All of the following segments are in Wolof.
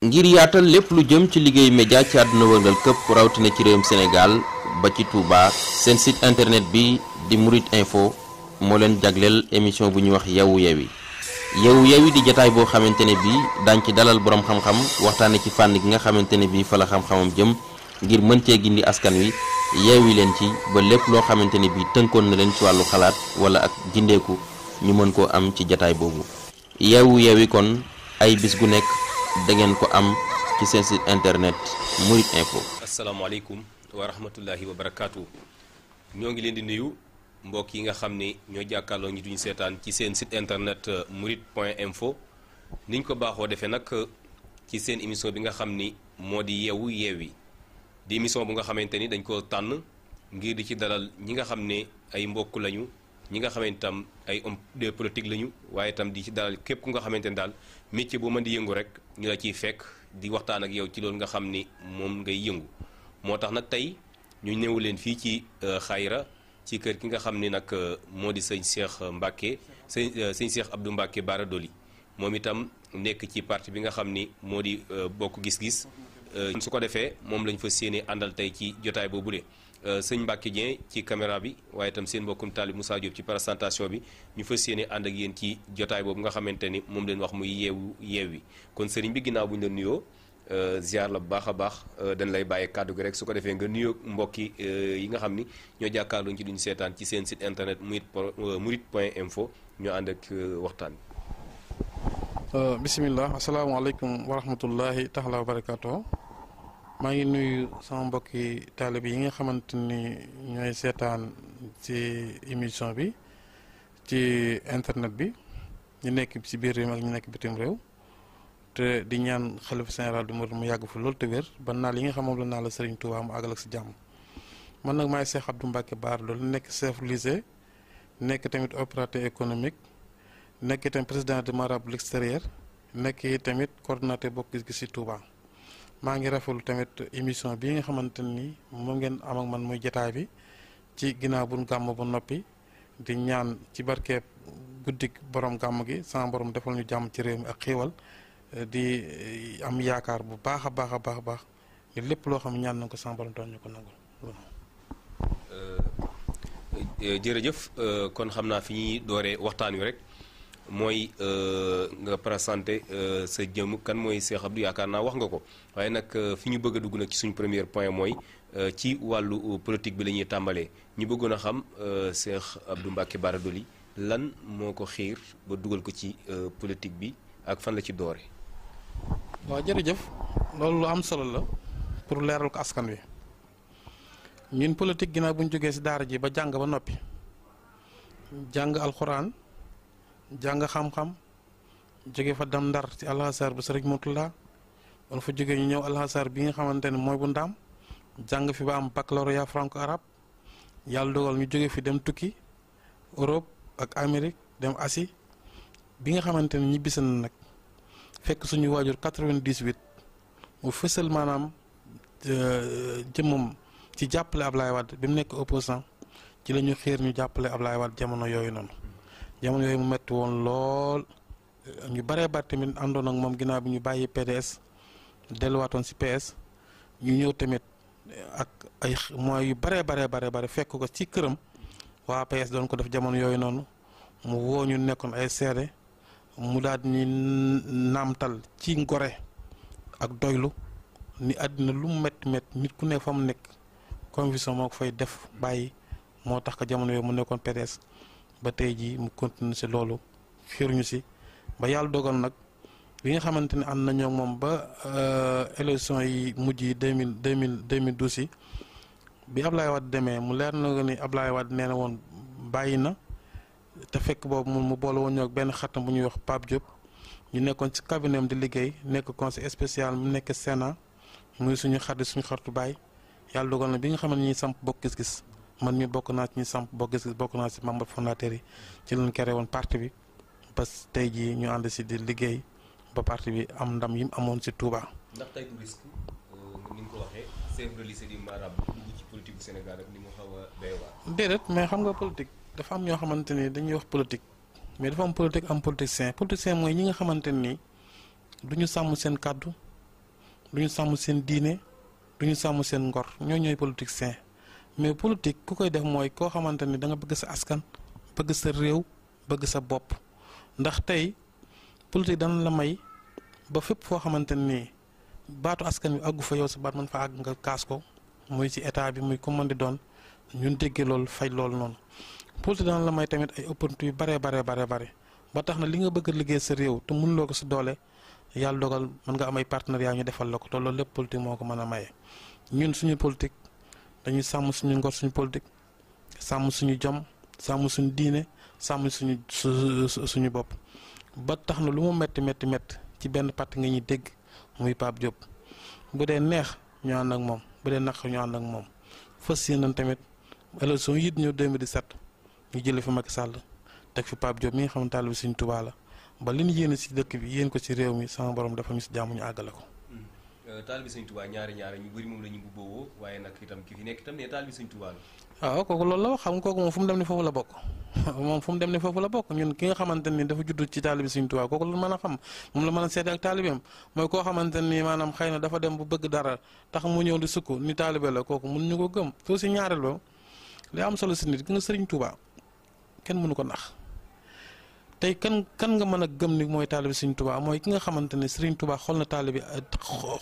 ngir yaatal lépp lu jëm ci liggéey média ci àdduna wërngal këpp rawatina ci réewum senegal ba ci Touba seen site internet bi di Mouride Info moo leen jagleel émission bu ñuy wax yeewu yeewi yeewu yeewi di jataay boo xamante ne bii daañ ci dalal boroom xam-xam waxtaane ci fànn gi nga xamante ne bii fa la xam-xamam jëm ngir mën cee gindi askan wi yeewi leen ci ba lépp loo xamante ne bii tënkoon na leen ci wàllu xalaat wala ak gindeeku ñu mën koo am ci jataay boobu yeewu yeewi nekk. da ngeen ko am ci seen site internet Mourides Info. asalaamaaleykum wa rahmatullahi wa barakaatu ñoo ngi leen di nuyu mbokk yi nga xam ni ñoo jàkkaarloo ñi duñu seetaan ci seen site internet euh, Mourides point info niñ ko baaxoo defee nag euh, ci seen émission bi nga xam ni moo di yeewu yi di émission bu nga xamante ni dañ ko tànn ngir di ci dalal ñi nga xam ne ay mbokk lañu. ñi nga xamante tam ay hommes de politique lañu waaye tam di ci daal képp ku nga xamante ne daal métier boo mën di yëngu rek ñu la ciy fekk di waxtaan ak yow ci loolu nga xam ni moom ngay yëngu moo tax nag tey ñu ñëw leen fii ci euh, xaayra ci kër ki nga xam ni nag euh, moo di sëñ Cheikh Mbacke sëñ euh, sëñ Cheikh Abdou Mbacke Bara Doli moom itam nekk ci parti bi nga xam ni moo di bokk gis-gis su ko defee moom lañ fa séenee àndal tey ci jotaay boobu boobule Euh, sëñ Mbacke Dieng ci caméra bi waaye itam seen mbokkum taalib Moussa Diop ci présentation bi ñu fas yéene ànd ak yéen ci jotaay boobu nga xamante ni moom leen wax muy yeewu yi kon sëriñ bi ginnaaw bu ñu la nuyoo euh, ziar la bu baax a baax euh, dañ lay bàyyi kàddu gi rek su ko defee nga nuyoo mbokki yi nga xam ni ñoo jàkkaarloo ci duñu seetaan ci seen site internet murit point info ñu ànd ak waxtaan bi. bisimilah asalaamaaleykum wa rahmatullahi taala wa barakaatu. maa ngi nuyu sama mbokki taalibe yi nga xamante ni ñooy seetaan ci émission bi ci internet bi ñu nekk ci biir réew mag ñu nekk bitim réew te di ñaan xalifa général du Mouride mu yàgg fu loolu te wér ba naal yi nga xam moom la naa la Serigne Touba mu àggal ak si jàmm man nag maay Cheikh Abdou Mbacke baar Dolly nekk chef lycée nekk tamit opérateur économique nekk tamit président de marabout l'extérieur nekk tamit coordonnateur bokk gis-gis si Touba. maa ngi rafetlu tamit émission bii nga xamante nii moom ngeen am man muy jataay bi ci ginnaaw bu gàmm bu noppi di ñaan ci barkeeb guddik borom gàmm gi sama borom defal ñu jàmm ci réew mi ak xiiwal di eh, am yaakaar bu baax a baax a baax a baax ni lépp loo xam ñaan nañ ko sama borom doon ñu ko nangul euh, euh, jërëjëf euh, kon xam naa fi ñuy dooree waxtaan wi rek mooy euh, nga présenté euh, sa jëm kan mooy Cheikh Abdou yaakaar naa wax nga ko waaye nag euh, fi ñu bëgg a dugg nag ci suñu première point mooy ci wàllu politique bi lañuy tàmbalee ñu bëggoon a xam Cheikh Abdou Mbacké Bara Dolly lan moo ko xiir ba dugal ko ci politique bi ak fan la ci doore waaw jërëjëf loolu lu am solo la pour leeral ko askan wi ñun politique ginnaaw bu ñu jógee ci daara ji ba jàng ba noppi jàng alxuraan jàng xam-xam jóge fa dam ndar ci alxasaar bu sëriñ Mutula wala fa jóge ñu ñëw alxasaar bi nga xamante ne mooy bu ndaam jàng fi ba am baccalauréat franco arabe yàlla dogal ñu jóge fi dem tukki Europe ak Amérique dem Asie bi nga xamante ne ñibbisi na nag fekk suñu waajur 98 mu fësal maanaam euh, jëmmam ci jàppale Ablaye Wade bi mu nekk opposant ci la ñu xiir ñu jàppale Ablaye Wade jamono yooyu noonu. jamono yooyu mu metti woon lool ñu baree bari tamit àndoon ak moom ginaaw bi ñu bàyyi PDS delluwaatoon ci PS ñu ñëw tamit ak ay moyens yu baree baree baree bare fekk ko ci këram waa PS doon ko def jamono yooyu noonu mu woo ñu nekkoon ay seere mu daal di naamtal ci ngore ak doylu ni àddina lu mu métti métti nit ku nekk fa mu nekk conviction moo ko fay def bàyyi moo tax ko jamono yooyu mu nekkoon PDS. ba tey jii mu continuer si loolu xiruñu si ba yàlla dogal nag bi nga xamante ne ànd nañoo moom ba euh, élection yi mujj yi deux mille deux mille deux mille douze yi bi ab Ablaye Wade demee mu leer na ni Ablaye Wade nee na woon bàyyi na te fekk boobu mu boole woon ñoo benn xatam bu ñuy wax Pape Diop ñu nekkoon ci cabinet am di liggéey nekk conseil spécial mu nekk Sénat muy suñu xarit suñu xartu baay yàlla dogal na bi nga xam ne ñuy samp bokk gis-gis. man mi bokk naa ci ñu samp boo bokk naa ci membre fondateur yi ci lañ créé woon parti bi ba tey ji ñu ànd si di liggéey ba parti bi am ndam yi mu amoon si Touba. ndax tey du risque euh, ko waxee chef de lycée ci politique Sénégal ak ni a doy waar. déedéet mais xam nga politique dafa am ñoo xamante ni dañuy wax politique mais dafa am politique am politicien politicien mooy ñi nga xamante ni du ñu sàmm seen kàddu du sàmm seen diine du ñu sàmm seen ngor ñoo ñooy politicien. mais politique ku koy def mooy koo xamante ni danga nga bëgg sa askan bëgg sa réew bëgg sa bopp ndax tey politique dana la may ba fépp foo xamante nii baatu askan wi àggu fa yow sa baat man fa àgg nga kaas ko muy si état bi muy commande doon ñun déggee loolu fay loolu noonu politique dana la may tamit ay opportunité yu bare bare bare bare ba tax na li nga bëgg liggéey sa réew te mënuloo ko si doole yàlla dogal mën nga am ay partenariat ñu defal la ko te loolu lépp politique moo ko mën a maye dañuy sàmm suñu ngor suñu politique sàmm suñu jom sàmm suñu diine sàmm suñu suñu bopp ba tax na lu mu metti métti mett ci benn parti nga ñuy dégg muy Pape Diop bu dee neex ñu ànd ak moom bu dee naq ñu ànd ak moom fas yéeneen tamit élection yi ñëw 2017 ñu jëlee fi mag sàll teg fi Pape Diop mi nga xam ne taalibe Sëriñ Tuubaa ba li ñu yéene ci dëkk bi yéen ko si réew mi sama borom dafa ñu ci jàmm ñu àggale ko. Euh, taalibi sëñ Tuubaa ñaari ñaari ñu bëri moom la ñu bu booboo waaye nag itam waaw kooku loolu la xam nga kooku moom fu mu dem ne foofu la bokk moom fu mu dem ne foofu la bokk ñun ki nga xamante ni dafa judd ci taalibi sëñ Tuubaa kooku la mën a xam moom la mën a seede ak taalibeem mooy koo xamante ni maanaam xëy na dafa dem bu bëgg dara tax mu ñëw di sukk ni taalibe la kooku mun ñu ko gëm soo si ñaareel ba li am solo si nit ki nga sëriñ Tuubaa kenn mënu ko nax tey kan kan nga mën a gëm ni mooy taalibe Serigne Touba mooy ki nga xamante ne Serigne Touba xool na taalibe eh,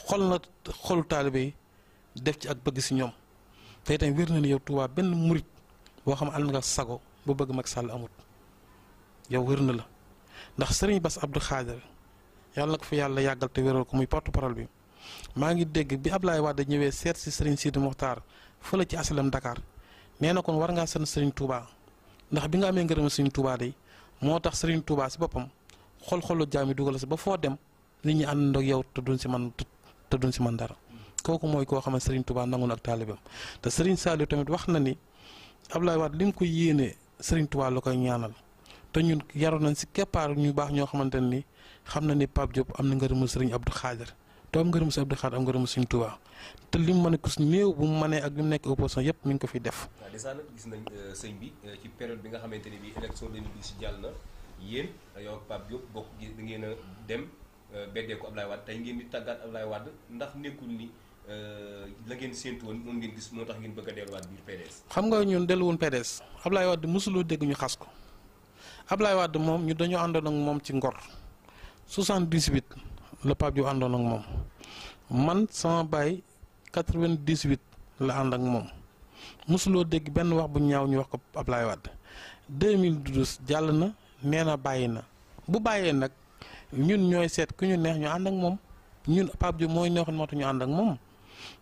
xool na xolu taalibe yi def ci ak bëgg si ñoom tey tamit wér na ni yow Touba benn murit boo xam ànd nga sago bu bëgg mag sàll amut yow wér na la ndax Serigne Bass Abdou Khadir yàlla na ko fi yàlla yàggal te wéral ko muy porte parole bi maa ngi dégg bi ab laay waa Wade ñëwee seet si Serigne Sidi Mokhtar fële ci asalam Dakar nee na kon war ngaa sant Serigne Touba ndax bi nga amee ngërëm Serigne Touba de. moo tax Serigne Touba si boppam xol-xolu jaam yi dugal si ba foo dem nit ñi àndandoo ak yow te duñ si man te si man dara kooku mooy koo xam ne Serigne Touba nangu na ak taalibam te Serigne Saliou tamit wax na ni ab Wade li mu ko yéenee Serigne Touba loo koy ñaanal te ñun yaroon nañ si keppaar ñu baax ñoo xamante ne ni xam na ni Pape Diop am na ngërëmu Serigne Abdou Khadir te am ngërëmu si Abdou Khadir am ngërëmu Serigne Touba te lim mané a kus néew bu mané ak lim nek opposition yépp mi ngi ko fi def. déssa nak gis nañ euh, sëñ bi euh, ci période bi nga xamante ne bii élection 2012 jàll na yeen yow ak pap Diop bokk gi da ngeen a dem euh, bédé ko ablay wad tay ngeen di tagat ablay wad ndax nekul ni la ngeen sentu won moom ngeen gis motax ngeen bëgg a wad biir PDS. xam nga ñun won PDS Ablaye Wade mosuloo dégg ñu xass ko ablay wad mom ñu dañu àndoon ak mom ci ngor 78 le pap Diop àndoon ak mom man sama baye 98 la ànd ak moom mosuloo dégg benn wax bu ñaaw ñu wax ko Ablaye Wade 2012 jàll na nee na bàyyi na bu bàyyee nag ñun ñooy seet ku ñu neex ñu ànd ak moom ñun Pape Diop mooy neexoon moo tax ñu ànd ak moom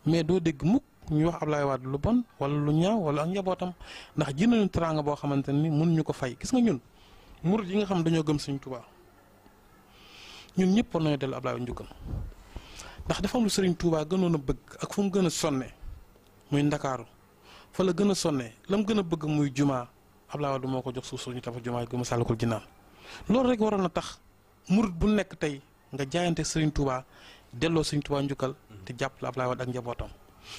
mais doo dégg mukk ñu wax Ablaye Wade lu bon wala lu ñaaw wala ak njabootam ndax ji nañu teraanga boo xamante ni mënuñu ko fay gis nga ñun murid yi nga xam dañoo gëm Sëñ Tuubaa ñun ñëpp war nañoo dellu Ablaye njukkam ndax dafa am lu Serigne Touba gënoon a bëgg ak fu mu gën a sonne muy ndakaaru fa la gën a sonne la mu gën a bëgg muy jumaa Abdoulaye Wade moo ko jox suuf suñu tabax jumaa gi Masaalikul Jinaan loolu rek waroon na tax murit bu nekk tey nga jaayante Serigne Touba delloo Serigne Touba njukkal te jàppale Abdoulaye Wade ak njabootam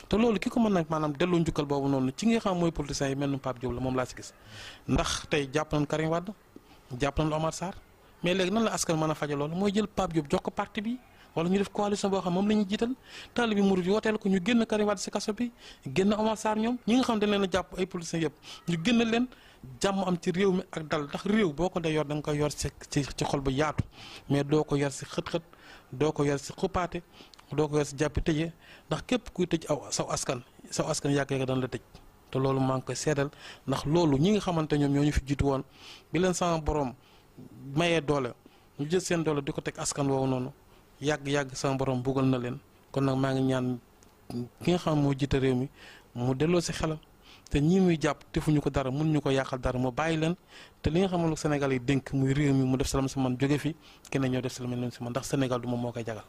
te loolu ki ko mën nag maanaam delloo njukkal boobu noonu ci nga xam mooy politiciens yi mel ni Pape Diop la moom laa si gis ndax tey jàpp nañ Karim Wade jàpp nañ Omar Sarr mais léegi nan la askan mën a faje mooy jël Pape Diop jox ko parti bi wala ñu def coalition boo xam moom la ñu jiital taalibe murid yi wooteel ko ñu génn Karim Wade si kaso bi génn Omar Sarr ñoom ñi nga xam dañ leen a jàpp ay politiciens yëpp ñu génn leen jàmm am ci réew mi ak dal ndax réew boo ko dee da nga koy yor si ci ci xol bu yaatu mais doo ko yor si xët-xët doo ko yor si xupaate doo ko yor si jàppi ndax képp kuy tëj aw saw askan saw askan yàgg-yàgg dana la tëj te loolu maa ngi koy seedal ndax loolu ñi nga xamante ñoom ñoo ñu fi jiitu woon bi leen sama borom mayee doole ñu jël seen doole di ko teg askan woowu noonu yàgg-yàgg sama borom bugal na leen kon nag maa ngi ñaan ki nga xam moo jiite réew mi mu delloo si xelam te ñii muy jàpp defuñu ko dara mënuñu ko yàqal dara mu bàyyi leen te li nga xam Sénégal yi dénk muy réew mi mu def salam si man jóge fi kenn ñoo def salam leen si man ndax Sénégal du moom moo koy jagal.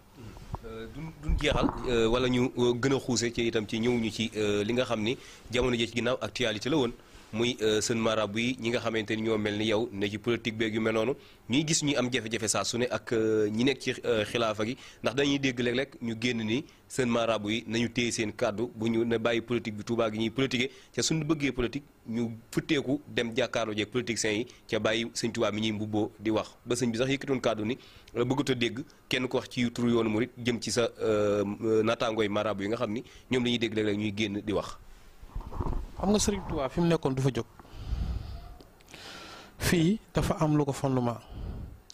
duñ duñ jeexal wala ñu gën a xuuse ci itam ci ñëwuñu ñu ci li nga xam ni jamono jii ci ginnaaw actualité la woon. muy euh, sën marabu yi ñi nga xamante ni ñoo mel ni yow ne ci politique beeg yu mel noonu ñuy gis ñuy am jafe-jafe saa su ne ak euh, ñi nekk ci euh, xilaafa gi ndax dañuy dégg léeg-léeg ñu génn ni seen marabu yi nañu téye seen kàddu bu ñu ne bàyyi politique bi Touba gi ñuy politiquer ca suñu bëggee politique ñu futteeku dem jàkkaarloo jeeg politiciens yi ca bàyyi sëñ Touba mi ñuy mbubboo di wax ba sëñ bi sax yëkkatoon kàddu ni bëggut dégg kenn ko wax ci turu yoonu murit jëm ci sa naataangooy marabu yi nga xam ni ñoom la ñuy dégg léeg ñuy génn di wax xam nga sëriñ Touba fi mu nekkoon du fa jóg fii dafa am lu ko fondement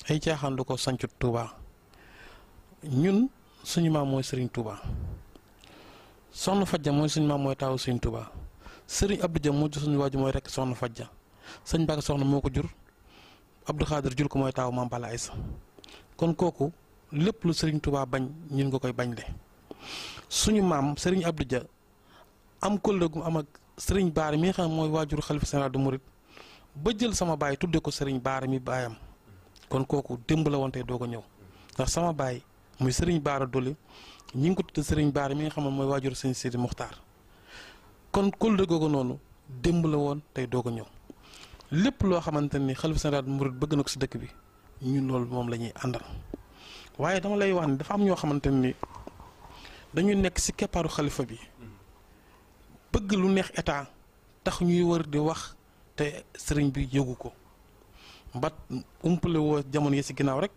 ay caaxaan lu ko sancut Touba ñun suñu maam mooy sëriñ Touba soxna Fadja mooy suñu maam mooy taawu Serigne Touba Serigne Abdou Dia moo suñu waaju mooy rekk soxna Fadja sëñ Bakk soxna moo ko jur Abdou Khadir jur ko mooy taawu maam Bala Aïssa kon kooku lépp lu Serigne Touba bañ ñun nga koy bañ le suñu maam sëriñ Abdou Dia am kóllëre gu am sëriñ baar mi nga xam mooy waajur xalifa général du murit ba jël sama baay tudde ko sëriñ baara mi baayam kon kooku démb la wante doo ko ñëw ndax sama baay muy sëriñ baara doli ñi ngi ko tudde sëriñ baara mi nga xam mooy waajur sëriñ Sidi Muxtaar kon kóllëre googu noonu démb la woon tey doo ko ñëw lépp loo xamante ni xalifa général du murit bëgg na ko si dëkk bi ñun loolu moom la ñuy àndal waaye dama lay wax ni dafa am ñoo xamante ni dañuy nekk si keppaaru xalifa bi bëgg lu neex état tax ñuy wër di wax te sëriñ bi yëgu ko mbat umpale wo jamono yi ginaaw rek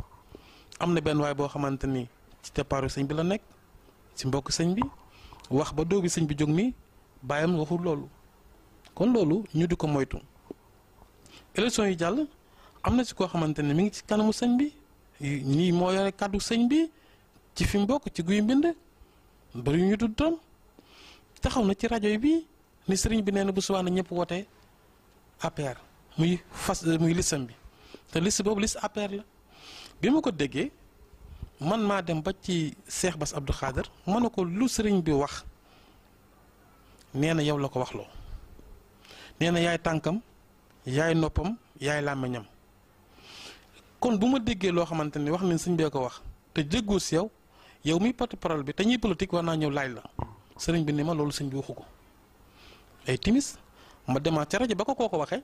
amna ben way bo xamanteni xamante ci teppaaru bi la nekk ci mbokk sëriñ bi wax ba doobi sëriñ bi jog mi bayam waxul loolu kon loolu ñu di ko moytu élection yi jall amna ci ko xamanteni mi ngi ci kanamu sëriñ bi ni mo yoré sëriñ bi ci fi mbokk ci guy mbind bari ñu tuddam taxaw na ci rajo bi ni sëriñ bi nee na bu subaa na ñëpp wootee APR muy fas muy listam bi te liss boobu liste APR la bi ma ko déggee man maa dem ba ci Cheikh Bass Abdou Khader ma ne ko lu sëriñ bi wax nee na yow la ko waxloo nee na yaay tànkam yaay noppam yaay làmmiñam kon bu ma déggee loo xamante ni wax nañ sëñ bee ko wax te jéggoo si yow yow miy porte parole bi te ñuy politique war naa ñëw laaj la sëriñ bi ni ma loolu sëñ bi waxu ko ay timis ma demaat ca rajo ba ko kooko waxee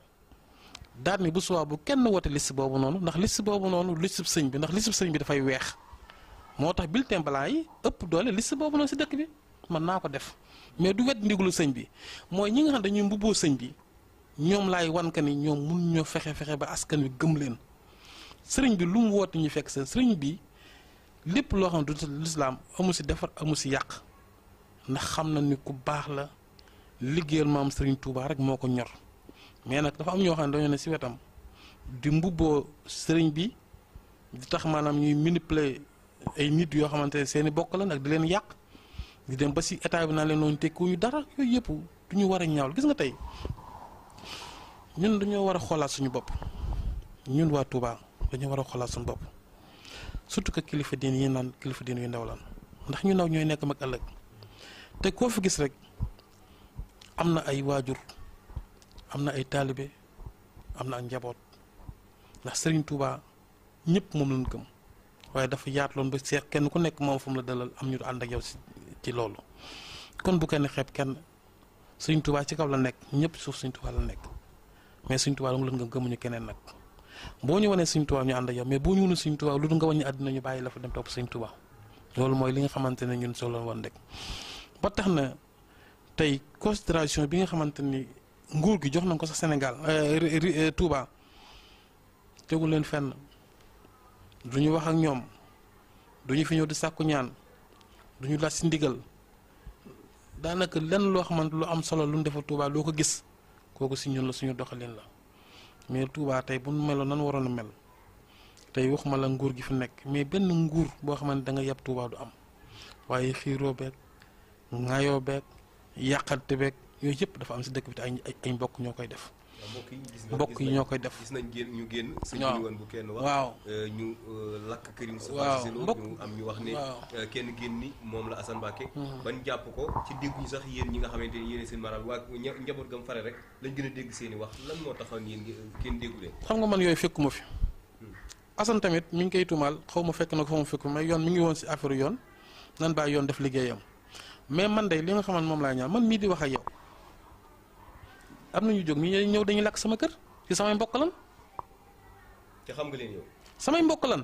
daani bu suwaa bu kenn woote liste boobu noonu ndax liste boobu noonu liste sëñ bi ndax liste sëñ bi dafay weex moo tax bulletin blanc yi ëpp doole liste boobu noonu si dëkk bi man naa ko def mais du wet ndiglu sëñ bi mooy ñi nga xam dañuy mbubboo sëñ bi ñoom laay wan ni ñoom mun ñoo fexe fexe ba askan wi gëm leen sëriñ bi lu mu woote ñu fekk seen sëriñ bi lépp loo xam du lislaam amu si defar amu si yàq. ndax xam na ni ku baax la liggéeyal maam sëriñ Touba rek moo ko ñor mais nag dafa am ñoo xam ne dañoo ne si wetam di mbubboo sëriñ bi di tax maanaam ñuy manipuler ay nit yoo xamante ne seen i bokk la nag di leen yàq di dem ba si état bi naa leen noonu ñu dara yooyu yëpp du ñu war a ñaawal gis nga tey ñun dañoo war a xoolaat suñu bopp ñun waa Touba dañoo war a xoolaat suñu bopp surtout que kilifa diin yi naan kilifa diin yu ndaw lan ndax ñu ndaw ñooy nekk mag ëllëg. te koo fi gis rek am na ay waajur am na ay taalibe am na ak njaboot ndax Serigne Touba ñëpp moom lañ waaye dafa yaatloon ba seex kenn ku nekk moom mu la dalal am ñu ànd ak yow si ci loolu kon bu kenn xeeb kenn Serigne Touba ci kaw la nekk ñëpp suuf Serigne Touba la nekk mais suñu Touba la leen keneen nag boo ñu wanee Serigne Touba ñu ànd ak yow mais boo ñu wone Serigne lu du nga wàññi àddina ñu bàyyi la fa dem topp Serigne Touba loolu mooy li nga xamante ne ñun solo woon rek. ba tax na tey considération bi nga xamante ni nguur gi jox nañ ko sax Sénégal euh, euh, Touba tegu leen fenn du ñu wax ak ñoom du ñu fi ñëw di sàkku ñaan du ñu laaj si ndigal daanaka lenn loo xamante lu am solo lu ñu defal Touba loo ko gis kooku si ñun la suñu doxalin la mais Touba tey bu nu meloon nan waroon a mel tey waxuma la nguur gi fi nekk mais benn nguur boo xamante da nga yab Touba du am waaye xiiroo beeg ŋaayoo beeg yàqante beeg yooyu yëpp dafa am si dëkk bi te ay mbokk ñoo koy def. mbokk yi ñoo koy def gis nañ génn ñu génn suñu woon bu kenn waaw euh, ñu euh, lakk kër yi waaw mbokk ñu am ñu wax ne euh, kenn génn ni moom la Assane Mbacké hmm. bañ jàpp ko ci dégguñu sax yéen ñi nga xamante ni yéen seen maraal waa njaboot gam fare rek lañ gën a dégg seen i wax lan moo taxoon yéen kenn déggulee xam nga man yooyu fekkuma fi hmm. Assane tamit mi ngi koy tuumaal xaw ma fekk na ko fa ma fekk may yoon mu ngi woon si affaire yoon nan bàyyi yoon def liggéeyam mais man day li nga xamante moom laa ñaan man mii di wax ak yow am na ñu jóg mii ñëw dañuy lakk sama kër ci samay mbokk lan. te xam nga leen samay mbokk lan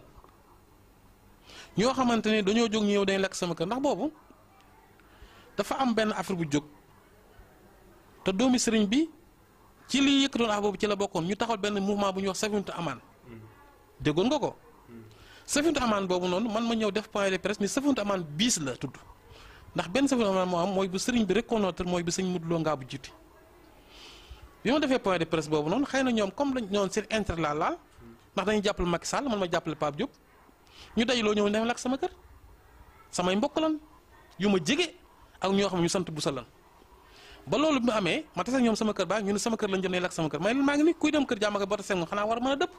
ñoo xamante ne dañoo jóg ñu ñëw dañuy lakk sama kër ndax boobu dafa am benn affaire bu jóg te doomi sëriñ bi ci liy yëkkatoon ak boobu ci la bokkoon ñu taxawal benn mouvement bu ñu wax safintu amaan hmm. déggoon nga ko. Hmm. safintu amaan boobu noonu man ma ñëw def point de presse ni safintu amaan biis la tudd. ndax benn safina moo am mooy bu sëriñ bi reconnaître mooy bu sëñ Modou Lo ngaa bu jiite bi ma defee point de presse boobu noonu xëy na ñoom comme lañ ñoon seen intérêt laa laal ndax dañuy jàppale Macky Sall man ma jàppale Pape ñu dajloo ñëw neex la ak sama kër samay mbokk lan yu ma jege ak ñoo xam ne ñu sant bu sa lan ba loolu bi mu amee ma tase ñoom sama kër baa ngi ne sama kër lañ jëm ne lak sama kër may maa ngi ni kuy dem kër jàmm ak ba tase xanaa war a man a dëpp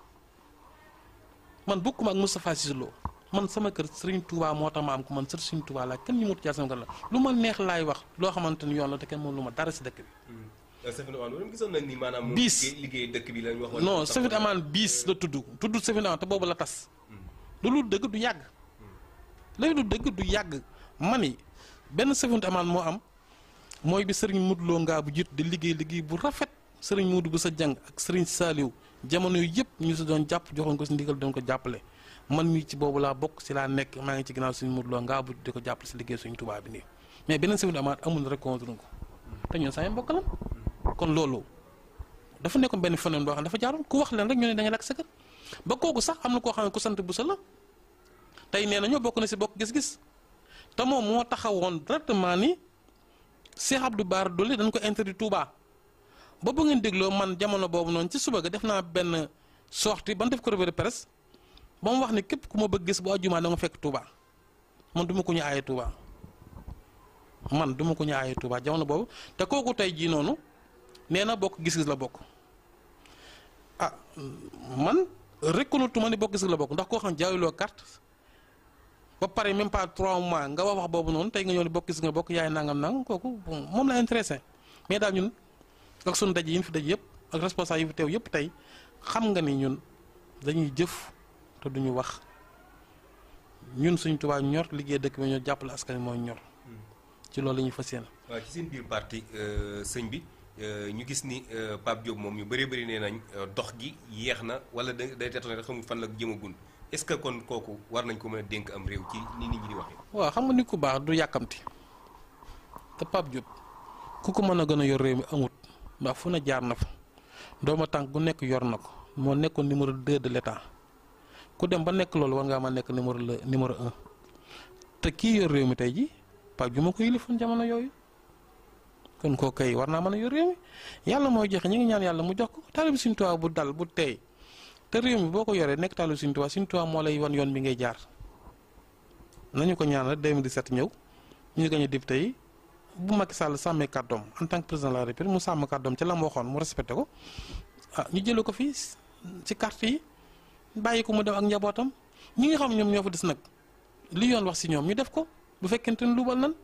man bokkuma ak Moustapha Cissé Lo man sama kër Serigne Touba moo tax ma am ko man sër Serigne Touba la ken ñu mut jaar sama la lu ma neex lay wax lo xamanteni yoon la te ken mo luma dara ci dekk bi hmm. euh, gisoon nañ ni maanaam biis liggéey dëkk bi lañ wax non Safin Amaan biis la tudd tudd Safin Amaan te boobu la tas hmm. du yàgg hmm. du yag mani ben serigne aman mo am moy bi Serigne Modou Lo bu jitt di liggey liggey bu rafet Serigne Modou bu sa jang ak Serigne saliw jamono yep ñu su doon japp joxon ko ndigal doon ko jàppale man mi ci bobu la sila ci la nek ma ngi ci ginaaw suñu mudlo nga bu di ko ci si liggéey suñu tuba bi ni mais benen civil amaat amul rek contre ko te ñun saa la kon lolu dafa nekkoon ben fenen bo xam dafa jaarul ku wax len rek ñu ne da nga lakk sa ba koku sax amna ko xam ku sant bu sala tay neena ñu na na si bokk gis-gis ta mom mo taxawon directement ni Cheikh Abdou bar Dolly dañ ko interdit Touba ba bu ngeen deglo man jamono bobu non ci suba ga defna ben sorti ban def ko rebe presse ba mu wax ne képp ku ma bëgg gis bu àjjuma da fekk Touba man duma ko ñu aaye Touba man du ko ñu aaye jamono boobu te kooku tey jii noonu nee na bokk gis-gis la bokk ah man reconnaître ma ne bokk gis-gis la bokk ndax koo xam jaayuloo carte ba pare même pas trois mois nga wax wax boobu noonu tey nga ñëw ne bokk gis nga bokk yaay nangam nangam kooku moom la intéressé mais daal ñun ak sunu daj yi ñu fi daj yëpp ak responsable yi fi teew yëpp tey xam nga ni ñun dañuy jëf. te ñu wax ñun suñ Tuubaa ñor liggéey dëkk bi ñoo jàppale askan wi mooy ñor hmm. ci loolu la fa fas yéene. waaw ci seen biir parti euh, sëñ bi euh, ñu gis ni euh, Pape job moom ñu bëree bëri nee nañ dox gi yéex na wala day day teetoon rek fan la jëmagul est-ce que kon kooku war nañ ko mën a dénk am réew ci ni nit ñi di waxee. waaw xam nga nit ko baax du yàkkamti te Pape Diop ku ko mën a gën a yor réew mi amut ndax fu ne jaar na fa dooma tànk gu nekk yor na ko moo nekkoon numéro 2 de l'État. ku dem ba nek loolu war nga ma nekk numéro le numéro un te ki yor réew mi tey ji pa djuma ko yelifon jamono yoy kon ko kay war naa mën yor réew mi yàlla mooy joxe ñu ngi ñaan yalla mu jox ko talib sin Tuubaa bu dal bu tay te réew mi boo ko yoree nekk taalib Sëriñ Tuubaa Sëriñ lay won yon bi ngay jaar nañu ko ñaanal 2017 ñew ñu gañe député yi bu Macky Sall samé kaddom en tant que président de la République mu sam kaddom ci lam mu mu respecté ko ah ñu jël ko fi ci carte yi bàyyi ko mu dem ak njabootam ñi ngi xam ñoom ñoo fa des nag li yoon wax si ñoom ñu def ko bu fekkente ni luubal nan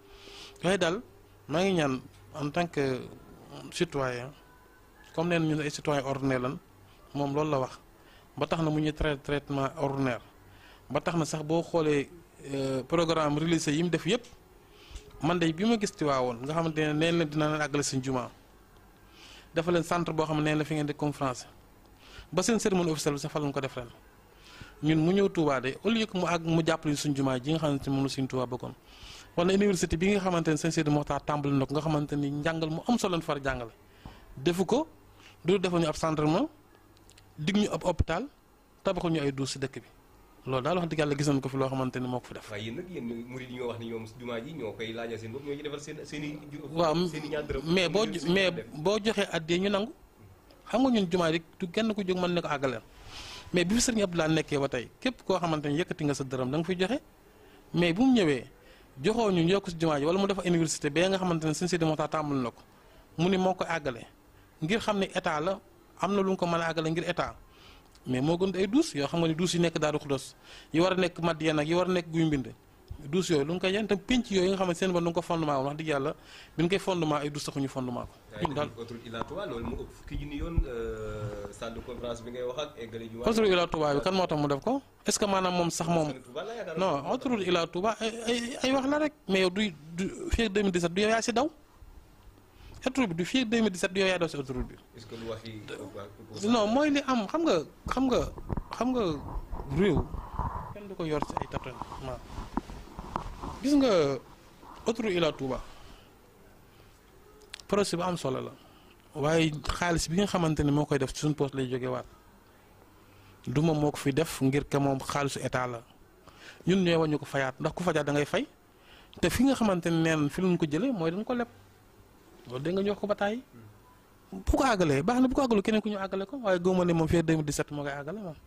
waaye dal maa ngi ñaan en tant que citoyen comme neen ñun ay citoyen ordinaire lan moom loolu la wax ba tax na mu ñuy traité traitement ordinaire ba tax na sax boo xoolee euh, programme religieux yi mu def yëpp man de bi ma gis Tiwaawoon nga xamante ne neen leen dinaa leen àggale seen jumaa dafa leen centre boo xam ne neen la fi ngeen di conférence ba seen cérémonie officielle bi sax fa ko def ren ñun mu ñëw Touba de au lieu que mu àgg mu jàppale suñ jumaa ji nga xamante ne moom la suñ Touba bokkoon wala université bi xamante ne seen Seydi Moxtaar tàmbali na ko nga xamante ni njàngal mu am solo far jàngale defu ko du defa ñu ab gendarmerie digg ñu ab hôpital tabaxu ñu ay duus si dëkk bi loolu daal wax dëgg yàlla gis nañ ko fi loo xamante ni moo ko fi def. waaye yéen nag yéen murid yi ñoo wax ni ñoom jumaa waaw mais boo mais boo joxee at ñu nangu. xam nga ñun jumaa rek du kenn ku jóg mën ne ko àggaleel mais bi fi sëriñ Abdoulaye nekkee ba tey képp koo xamante ni yëkkati nga sa dërëm da nga fiy joxe mais bu mu ñëwee joxoo ñu yokk si jumaa ji wala mu defa université bee nga xamante ne suñ si demoo taa tàmbali na ko mu ni moo ko àggale ngir xam ne état la am na lu nga ko mën a àggale ngir état mais moo gën ay duus yoo xam nga ne duus yi nekk daaru xudos yi war a nekk Madiana ak yi war a nekk guy mbind douche yooyu lu nga koy ñaan tam yooyu nga xam ne seen ba nu nga ko fondement woon wax dëgg yàlla bi ñu koy fondement ko. daal autoroute Ila Touba loolu euh, kan moo tax mu def ko est ce que maanaam moom sax moom. ay wax la rek mais yow du du fii ak 2017 fii ak 2017 yow yaa daw bi. est ce que lu wax yi non am xam nga xam nga xam nga réew kenn du ko yor si ay tatonement gis nga autre Ila Touba projet bu am solo la waye xaalis bi nga xamante mo koy def ci sun poste lay joge wat duma moko fi def ngir ke mom xaalisu état la ñun ñooy wañu ko fayat ndax ku fajaat da ngay fay te fi nga xamante ne neen fi lañ ko jëlé moy dañ ko lepp lo de nga ñox ko bataay bu ko agalé baax na bu ko agalu keneen ku ñu agalé ko waye goma ne mom fi 2017 mo ngay agalé moom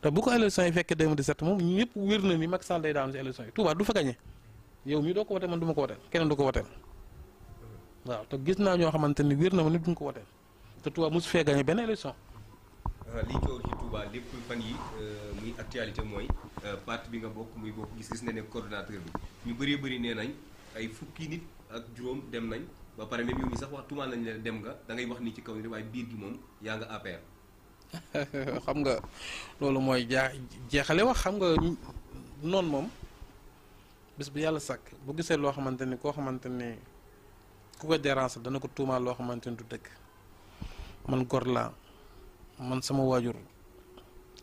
te bu ko élection yi fekkee 2017 mom ñepp wërna ni Macky Sall day daanu ci élection yi Touba du fa gagné yow mi doo ko wote man du ma ko wote keneen du ko wote waaw te gis naa ñoo xamante ni wér na ma nit duñ ko wote te Touba mosu fee gagné benn élection. Euh, li coow ci Touba lépp fan euh, muy actualité mooy euh, parti bi nga bokk muy bokk gis-gis ne ne coordonnateur bi ñu bëree bëri nee nañ ay fukki nit ak juróom dem nañ ba pare même yow mi sax wax tuumaan nañ leen dem nga dangay wax nii ci kaw ni waaye biir gi moom yaa nga APR. xam nga loolu mooy jaa jeexale wax xam nga noonu moom. bis bi yalla sak bu gisee lo xamanteni ko xamanteni ku ko dérange dana ko tuumaal lo xamanteni du dëkk man gor la man sama wajur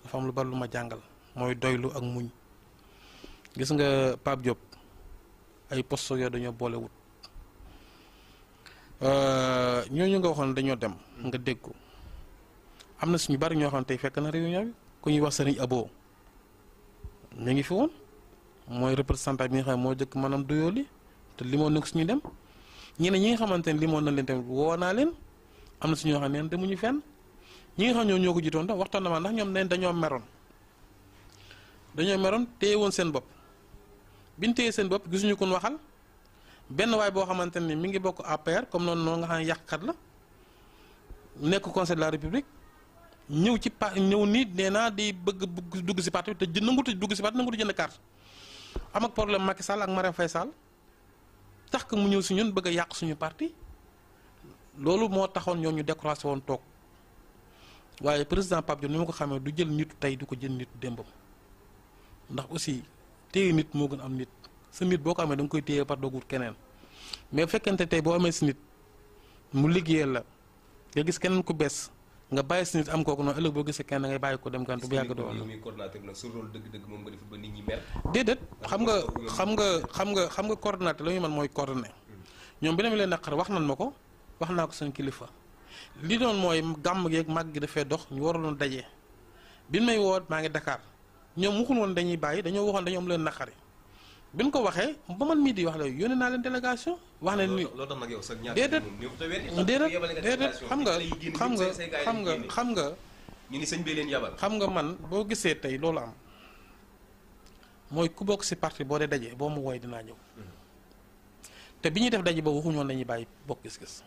dafa am lu bari ma jàngal mooy doylu ak muñ gis nga pap job ay posto yo dañu bolé wut ñooñu nga waxon dañu dem nga dégg amna suñu bari ñoo xamanteni fekk na réunion ku ñuy wax serigne Abo ñi ngi fi won mooy représentant bi nga xam ne moo jëkk maanaam doyooli te limoon na ko suñu dem ne ñi nga xamante ne limoon na leen tamit woo naa leen am na suñu xam ne demuñu fenn ñi nga xam ñoo ñoo ko jiitoon tam waxtaan na ma ndax ñoom dañoo meroon dañoo meroon téye seen bopp bi ñu téye seen bopp gisuñu kon waxal benn waay boo xamante ni mi ngi bokk APR comme noonu noonu nga xam yàq xat la nekk conseil de la république ñëw ci pa ñëw nii nee naa di bëgg dugg si te bi te nangutu dugg si parti nangutu jënd carte. am ak problème Macky Sall ak Marème Faye Sall tax que mu ñëw si ñun bëgg a yàq suñu parti loolu moo taxoon ñoo ñu décroché woon toog waaye président Pape Diop ni ma ko xamee du jël nit tey du ko jël nit démbam ndax aussi téye nit moo gën am nit sa nit boo ko amee da koy téye par dogut keneen mais fekkente tey boo amee si nit mu liggéeyal la nga gis keneen ku bees nga bàyyi si nit am kooku noonu ëllëg boo gisee kenn ngay bàyyi ko dem gàntu bu yàgg doo am déedéet xam nga xam nga xam nga xam nga coordonnateur la man mooy coordonné hmm. ñoom bi na mi leen naqar wax nan ma ko wax naa ko seen kilifa li doon mooy gàmm geeg mag gi dafee dox ñu waraloon dajee bi may woot maa ngi dakaar ñoom waxul woon dañuy bàyyi dañoo waxoon dañoo am leen naqari bin ko waxe ba man mi di wax la yónnee na len delegation wax nañ ni lo tam ak yow sax ñaar déedéet déedéet xam nga xam nga xam nga xam nga. ñu ni señ be len yabal. xam nga man bo gisee tay lolu am moy ku bok ci parti bo de daje bo mu woy dina ñew te biñu def daje boobu waxu ñu la ñuy bok gis-gis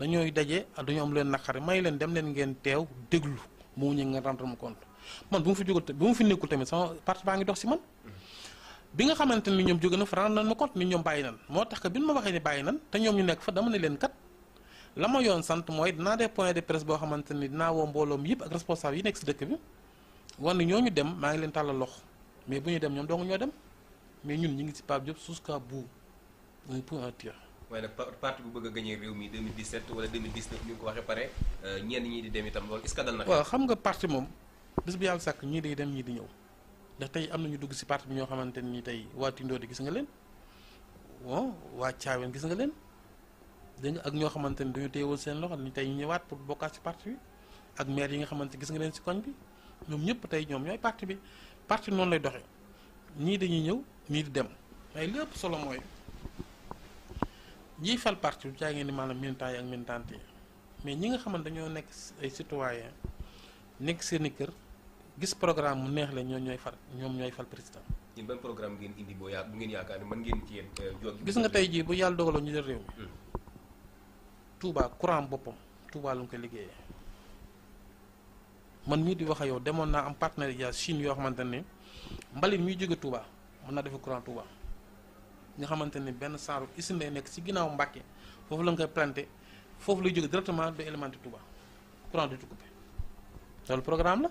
dañoy daje dañoo am len nakari may len dem len ngeen tew deglu mo ñu nga rentre mu compte man bu mu fi jógul bu mu fi nekkul tamit sama parti ba nga dox ci man. bi nga xamante ni ñoom jóge na fa rendre nañ ma compte ni ñoom bàyyi nan moo tax que bi ñu ma waxee ni bàyyi nan te ñoom ñu nekk fa dama ne leen kat la ma mooy dinaa def de presse boo xamante ni dinaa woo mbooloom yëpp ak responsable yi nekk si dëkk bi war maa ngi leen tàllal loxo mais bu ñu dem ñoom dong ñoo dem mais ñun ñu ngi si Pape Diop jusqu'à bout un pour un waaye nag parti bu bëgg a gagné réew mi 2017 wala 2019 ni nga ko waxee pare euh, ñenn ñi di dem itam loolu est-ce na. waaw xam nga parti moom bis bu yàlla sàkk ñii day dem ñii di ñëw. ndax tey am na ñu dugg si parti bi ñoo xamante ni tey waa Tindoo di gis nga leen bon waa Thiawén gis nga leen dégg nga ak ñoo xamante ni dañu seen loxo ni tey ñu ñëwaat pour bokkaat si parti bi ak maire yi nga xamante gis nga leen si koñ bi ñoom ñëpp tey ñoom ñooy parti bi parti noonu lay doxe ñii dañuy ñëw ñii di dem waaye lépp solo mooy ñiy fal parti bu jaa ngeen ni maanaam militant yi ak militante yi mais ñi nga xamante dañoo nekk ay citoyen nekk seen i kër. gis programme mu neex la ñoo ñooy fal ñoom ñooy fal président ci ban programme ngeen indi bo ya bu ngeen yaakaar man ngeen ci yeen euh, jog gis nga tay ji bu yalla dogalo ñu jël réew mi hmm. Touba courant bopam Touba lu ko liggéey man mi di wax yow demoon na am partenariat Chine yo xamantene mbalit mi jóge Touba mën na def courant Touba nga xamantene ben saaru usine nek ci ginaaw Mbàkke fofu la nga planté fofu lay jóge directement do élément Touba courant du coupé dal programme la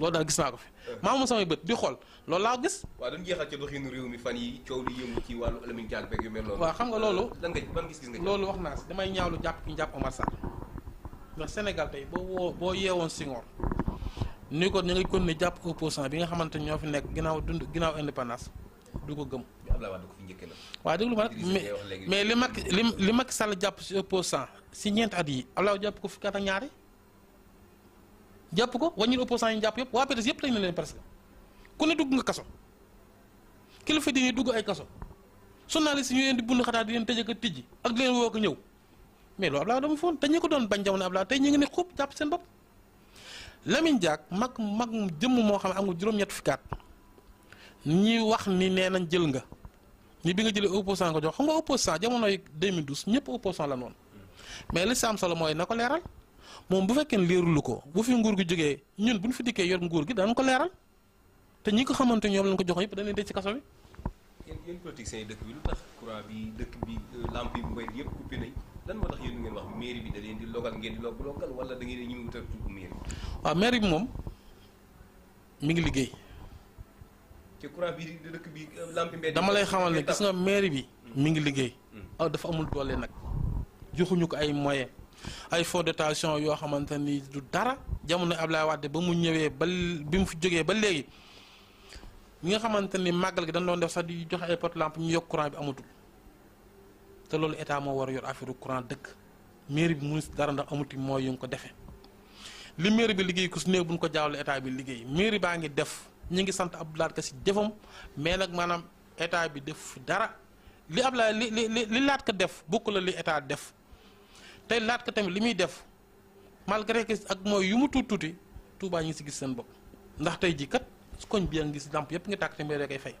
lo da gis nako fi eh. ma mo samay beut di xol lo la gis wa dañ jexal ci doxinu rew mi fan yi ciow li yëngu ci walu Lamine Diack beeg yu mel noonu wa xam nga lolu lan nga ban gis-gis nga lolu wax naa si damay ñaawlu japp ki japp Omar Sall ndax Senegal tay bo woo boo yeewoon Senghor ni ko ni nga ko ne japp ko pourcent bi nga xamanteni ñofi nek ginaaw dund ginaaw indépendance du ko gëm wa déglu ma rek mais li mak li mak Sall japp ci opposant ci ñent at yi Abdoulaye japp ko fukki at ak ñaari japp ko wàññil opposant yi japp yop wa PDS yep lañ leen presque ku ne dugg nga kaso kilifa dini dugg ay kaso journaliste yi ñu leen di bund xata di leen tëj ak a tijji ak leen wo ko ñew mais lo abla dama fon te ko don bañ jamono abla tay ñi ngi ne xuub japp seen bop Lamine jak mag mag jëm mo xam ne amul juróom-ñett ñi wax ni nee jël nga ni bi nga jël opposant ko jox xam nga opposant jamono 2012 ñep opposant la non mais solo moy nako leral moom bu fekkee leerulu ko bu fi nguur gi jógee ñun bu ñu fi dikkee yor nguur gi daan ko leeral te ñi ko xamante ñoom lañ ko jox yëpp dañ leen dëj ci kaso bi. yéen yéen politiciens yi bi dëkk bi euh, lampe yi mbay yëpp coupé nañ lan moo tax yéen ngeen wax bi da leen di logal ngeen di log logal wala da ngeen di ñëw bi. moom mi ngi liggéey. te courant bi bi euh, lampe dama lay xamal ne gis nga mairie bi. mi ngi liggéey. Hmm. dafa amul doole nag joxuñu ko ay moyens. ay fonds de dotation yoo xamante ni du dara jamono ab Ablaye Wade ba mu ñëwee ba bi mu fi jógee ba léegi ñi nga xamante ni màggal gi dañ doon def sax di joxe ay pot lampe ñu yokk courant bi amatul te loolu état moo war a yor affaire courant dëkk mairie bi mu dara ndax amuti mooy yu ngi ko defee li mairie bi liggéey ku su néew buñ ko jaawle état bi liggéey mairie baa ngi def ñu ngi sant Abdoulaye Ka si jëfam mais nag maanaam état bi def fi dara li ab li li li ko def bokk la li état def tey laat ka tamit li muy def malgré que ak mooy yu mu tuut tuuti Touba ñu ngi si gis seen bopp ndax tey ji kat koñ bi yaa ngi gis lamp yëpp nga tàkk te mbéy koy fay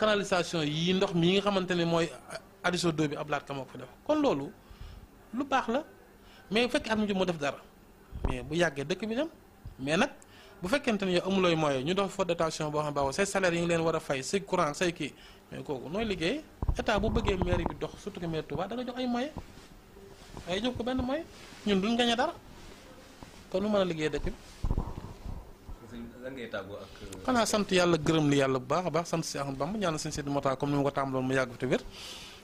canalisation yi ndox mi nga xamante ne mooy addition bi ab laat moo ko def kon loolu lu baax la mais bu fekkee def dara bu yàggee dëkk bi dem mais nag bu fekkente ne yow amulooy dox fa boo xam baaxul leen war a fay say courant say kii mais liggéey état bu bëggee maire bi dox surtout que maire Touba da jox ay moyens ay jox ko ben moy ñun duñ gagné dara kon lu mëna a liggéey dëkk bi lan sant yalla gërëm li yalla bu baax baax sant si Ahmad Bamba ñaan sëñ Sidi Mota comme ñu ko tàmbaloon mu yagg fi wër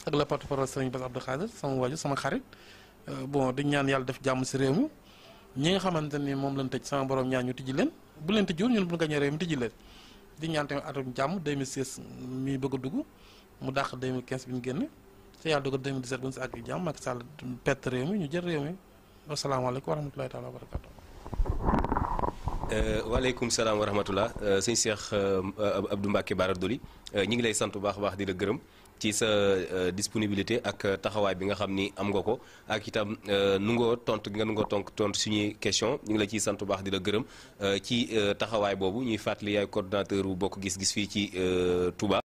ak la porte-parole sëriñ Bass Abdou Khadir sama waaju sama xarit bon di ñaan yalla def jamm ci réew ñi nga xamanteni mom lañ tej sama borom ñaan ñu tijji leen bu leen tijjiwul ñun bu ñu gañee réew mi tijji leen di ñaan tamit atum jamm 2016 mi bëgg a dugg mu dàq 2015 bi ñu génne te yàlla dogal 2017 bu ñu si àgg jàmm Macky Sall pett mi ñu jël réew mi asalaamaaleykum wa rahmatulahi euh, salaam wa rahmatulah euh, Cheikh euh, Abdou Mbacke Bara Dolly ñi ngi lay sant bu baax a baax di la gërëm ci sa disponibilité ak taxawaay bi nga xam ni am nga ko ak itam nu ngoo tontu nga nu ngoo tonk tontu suñuy question ñu ngi la ciy sant bu baax di la gërëm ci taxawaay boobu ñuy fàttali yaay coordonnateur bu bokk gis-gis fii ci tubaa